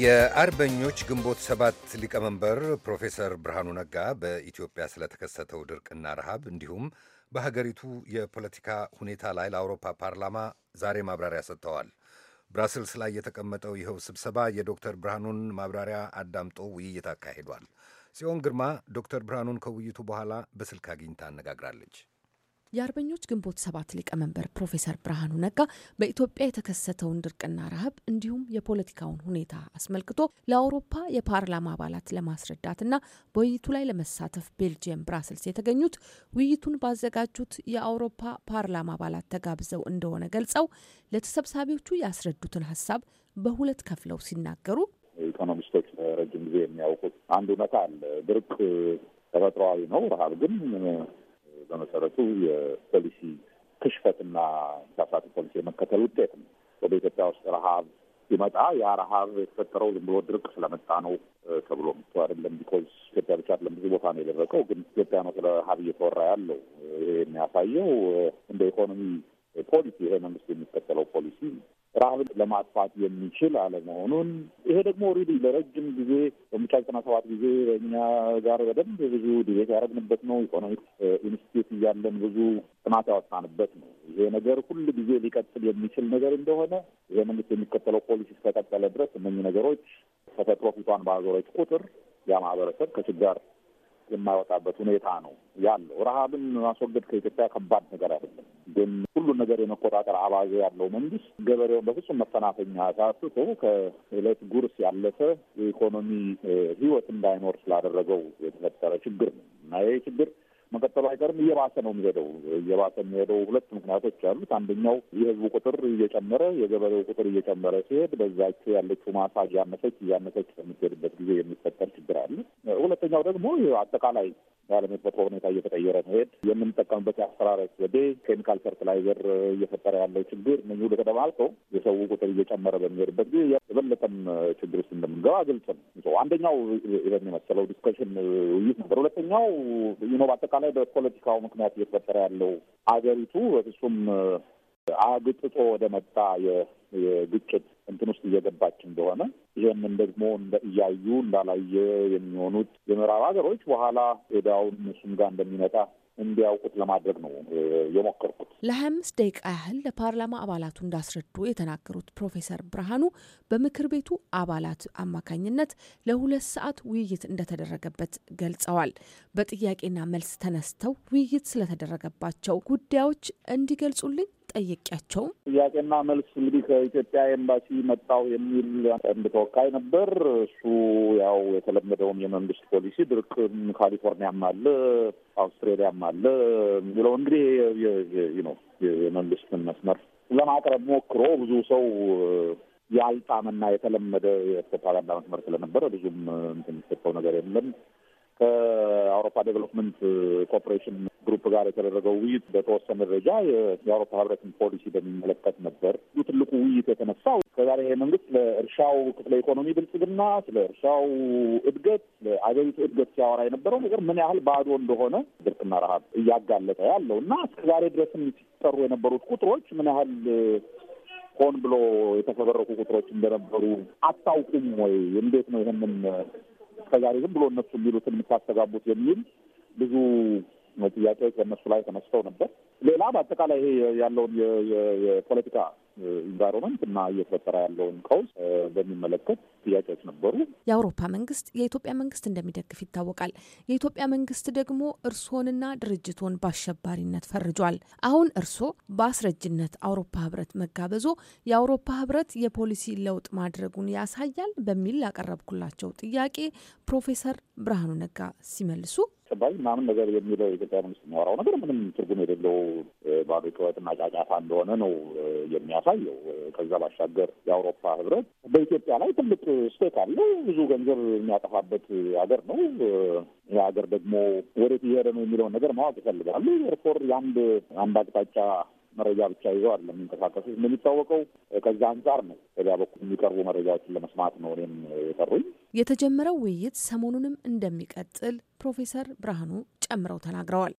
የአርበኞች ግንቦት ሰባት ሊቀመንበር ፕሮፌሰር ብርሃኑ ነጋ በኢትዮጵያ ስለተከሰተው ድርቅና ረሃብ እንዲሁም በሀገሪቱ የፖለቲካ ሁኔታ ላይ ለአውሮፓ ፓርላማ ዛሬ ማብራሪያ ሰጥተዋል። ብራስልስ ላይ የተቀመጠው ይኸው ስብሰባ የዶክተር ብርሃኑን ማብራሪያ አዳምጦ ውይይት አካሂዷል። ጽዮን ግርማ ዶክተር ብርሃኑን ከውይይቱ በኋላ በስልክ አግኝታ አነጋግራለች። የአርበኞች ግንቦት ሰባት ሊቀመንበር ፕሮፌሰር ብርሃኑ ነጋ በኢትዮጵያ የተከሰተውን ድርቅና ረሃብ እንዲሁም የፖለቲካውን ሁኔታ አስመልክቶ ለአውሮፓ የፓርላማ አባላት ለማስረዳትና በውይይቱ ላይ ለመሳተፍ ቤልጅየም ብራስልስ የተገኙት ውይይቱን ባዘጋጁት የአውሮፓ ፓርላማ አባላት ተጋብዘው እንደሆነ ገልጸው ለተሰብሳቢዎቹ ያስረዱትን ሀሳብ በሁለት ከፍለው ሲናገሩ ኢኮኖሚስቶች ረጅም ጊዜ የሚያውቁት አንድ እውነታ አለ። ድርቅ ተፈጥሯዊ ነው። ረሃብ ግን የተመሰረቱ የፖሊሲ ክሽፈትና ሳሳቱ ፖሊሲ የመከተል ውጤት ነው። ወደ ኢትዮጵያ ውስጥ ረሀብ ሲመጣ ያ ረሀብ የተፈጠረው ዝም ብሎ ድርቅ ስለመጣ ነው ተብሎ ምቶ አይደለም። ቢኮዝ ኢትዮጵያ ብቻ አይደለም ብዙ ቦታ ነው የደረቀው፣ ግን ኢትዮጵያ ነው ስለ ረሀብ እየተወራ ያለው። ይሄ የሚያሳየው እንደ ኢኮኖሚ ፖሊሲ ይሄ መንግስት የሚከተለው ፖሊሲ ረሃብን ለማጥፋት የሚችል አለመሆኑን ይሄ ደግሞ ኦልሬዲ ለረጅም ጊዜ በምቻ ዘጠና ሰባት ጊዜ በእኛ ጋር በደንብ ብዙ ዲቤት ያደረግንበት ነው። ኢኮኖሚክ ኢንስቲትዩት እያለን ብዙ ጥናት ያወጣንበት ነው። ይሄ ነገር ሁል ጊዜ ሊቀጥል የሚችል ነገር እንደሆነ ይሄ መንግስት የሚከተለው ፖሊሲ እስከቀጠለ ድረስ እነኚህ ነገሮች ተፈጥሮ ፊቷን ባዞረች ቁጥር ያ ማህበረሰብ ከችጋር የማይወጣበት ሁኔታ ነው ያለው። ረሃብን ማስወገድ ከኢትዮጵያ ከባድ ነገር አይደለም ግን ሁሉን ነገር የመቆጣጠር አባዜ ያለው መንግስት ገበሬውን በፍጹም መፈናፈኛ ሳስቶ ከእለት ጉርስ ያለፈ የኢኮኖሚ ህይወት እንዳይኖር ስላደረገው የተፈጠረ ችግር ነው እና ይህ ችግር መቀጠሉ አይቀርም። እየባሰ ነው የሚሄደው። እየባሰ የሚሄደው ሁለት ምክንያቶች አሉት። አንደኛው የህዝቡ ቁጥር እየጨመረ የገበሬው ቁጥር እየጨመረ ሲሄድ በዛቸው ያለችው ማሳ እያነሰች እያነሰች በሚሄድበት ጊዜ የሚፈጠር ችግር አለ። ሁለተኛው ደግሞ አጠቃላይ የዓለም የተፈጥሮ ሁኔታ እየተቀየረ መሄድ፣ የምንጠቀምበት የአሰራረት ዘዴ፣ ኬሚካል ፈርትላይዘር እየፈጠረ ያለው ችግር እነዚህ ሁሉ ተደባልቀው የሰው ቁጥር እየጨመረ በሚሄድበት ጊዜ የበለጠም ችግር ውስጥ እንደምንገባ ግልጽ ነው። አንደኛው ይሄን የመሰለው ዲስከሽን ውይይት ነበር። ሁለተኛው ይኖ በአጠቃ በአጠቃላይ በፖለቲካው ምክንያት እየተፈጠረ ያለው አገሪቱ እሱም አግጥጦ ወደ መጣ የግጭት እንትን ውስጥ እየገባች እንደሆነ ይህንን ደግሞ እያዩ እንዳላየ የሚሆኑት የምዕራብ ሀገሮች በኋላ ወዲያውን እሱም ጋር እንደሚመጣ እንዲያውቁት ለማድረግ ነው የሞከርኩት። ለሀያ አምስት ደቂቃ ያህል ለፓርላማ አባላቱ እንዳስረዱ የተናገሩት ፕሮፌሰር ብርሃኑ በምክር ቤቱ አባላት አማካኝነት ለሁለት ሰዓት ውይይት እንደተደረገበት ገልጸዋል። በጥያቄና መልስ ተነስተው ውይይት ስለተደረገባቸው ጉዳዮች እንዲገልጹልኝ ጠየቂያቸው። ጥያቄና መልስ እንግዲህ ከኢትዮጵያ ኤምባሲ መጣው የሚል አንድ ተወካይ ነበር። እሱ ያው የተለመደውን የመንግስት ፖሊሲ ድርቅ ካሊፎርኒያም አለ አውስትሬሊያም አለ የሚለው እንግዲህ የመንግስትን መስመር ለማቅረብ ሞክሮ ብዙ ሰው ያልጣምና የተለመደ የፕሮፓጋንዳ መስመር ስለነበረ ብዙም እንትን የሚሰጠው ነገር የለም። ከአውሮፓ ዴቨሎፕመንት ኮርፖሬሽን ግሩፕ ጋር የተደረገው ውይይት በተወሰነ ደረጃ የአውሮፓ ህብረትን ፖሊሲ በሚመለከት ነበር። ትልቁ ውይይት የተነሳው እስከዛሬ ይሄ መንግስት ለእርሻው ክፍለ ኢኮኖሚ ብልጽግና፣ ስለ እርሻው እድገት፣ ለአገሪቱ እድገት ሲያወራ የነበረው ነገር ምን ያህል ባዶ እንደሆነ ድርቅና ረሀብ እያጋለጠ ያለው እና እስከዛሬ ድረስም ሲጠሩ የነበሩት ቁጥሮች ምን ያህል ሆን ብሎ የተፈበረኩ ቁጥሮች እንደነበሩ አታውቁም ወይ? እንዴት ነው ይህንን እስከዛሬ ዝም ብሎ እነሱ የሚሉትን የምታስተጋቡት የሚል ብዙ ጥያቄዎች በእነሱ ላይ ተነስተው ነበር። ሌላ በአጠቃላይ ይሄ ያለውን የፖለቲካ ኢንቫይሮመንት እና እየተፈጠረ ያለውን ቀውስ በሚመለከት ጥያቄዎች ነበሩ። የአውሮፓ መንግስት የኢትዮጵያ መንግስት እንደሚደግፍ ይታወቃል። የኢትዮጵያ መንግስት ደግሞ እርስዎንና ድርጅቶን በአሸባሪነት ፈርጇል። አሁን እርስዎ በአስረጅነት አውሮፓ ህብረት መጋበዞ የአውሮፓ ህብረት የፖሊሲ ለውጥ ማድረጉን ያሳያል በሚል ያቀረብኩላቸው ጥያቄ ፕሮፌሰር ብርሃኑ ነጋ ሲመልሱ ጭባይ ምናምን ነገር የሚለው የኢትዮጵያ መንግስት የሚያወራው ነገር ምንም ትርጉም የሌለው ባዶ ጩኸትና ጫጫታ እንደሆነ ነው የሚያሳየው። ከዛ ባሻገር የአውሮፓ ህብረት በኢትዮጵያ ላይ ትልቅ ስቴክ አለው። ብዙ ገንዘብ የሚያጠፋበት ሀገር ነው። የሀገር ደግሞ ወዴት እየሄደ ነው የሚለውን ነገር ማወቅ ይፈልጋሉ። ፎር የአንድ አንድ አቅጣጫ መረጃ ብቻ ይዘው አለ የሚንቀሳቀሱ እንደሚታወቀው ከዛ አንጻር ነው በዚያ በኩል የሚቀርቡ መረጃዎችን ለመስማት ነው እኔም የጠሩኝ። የተጀመረው ውይይት ሰሞኑንም እንደሚቀጥል ፕሮፌሰር ብርሃኑ ጨምረው ተናግረዋል።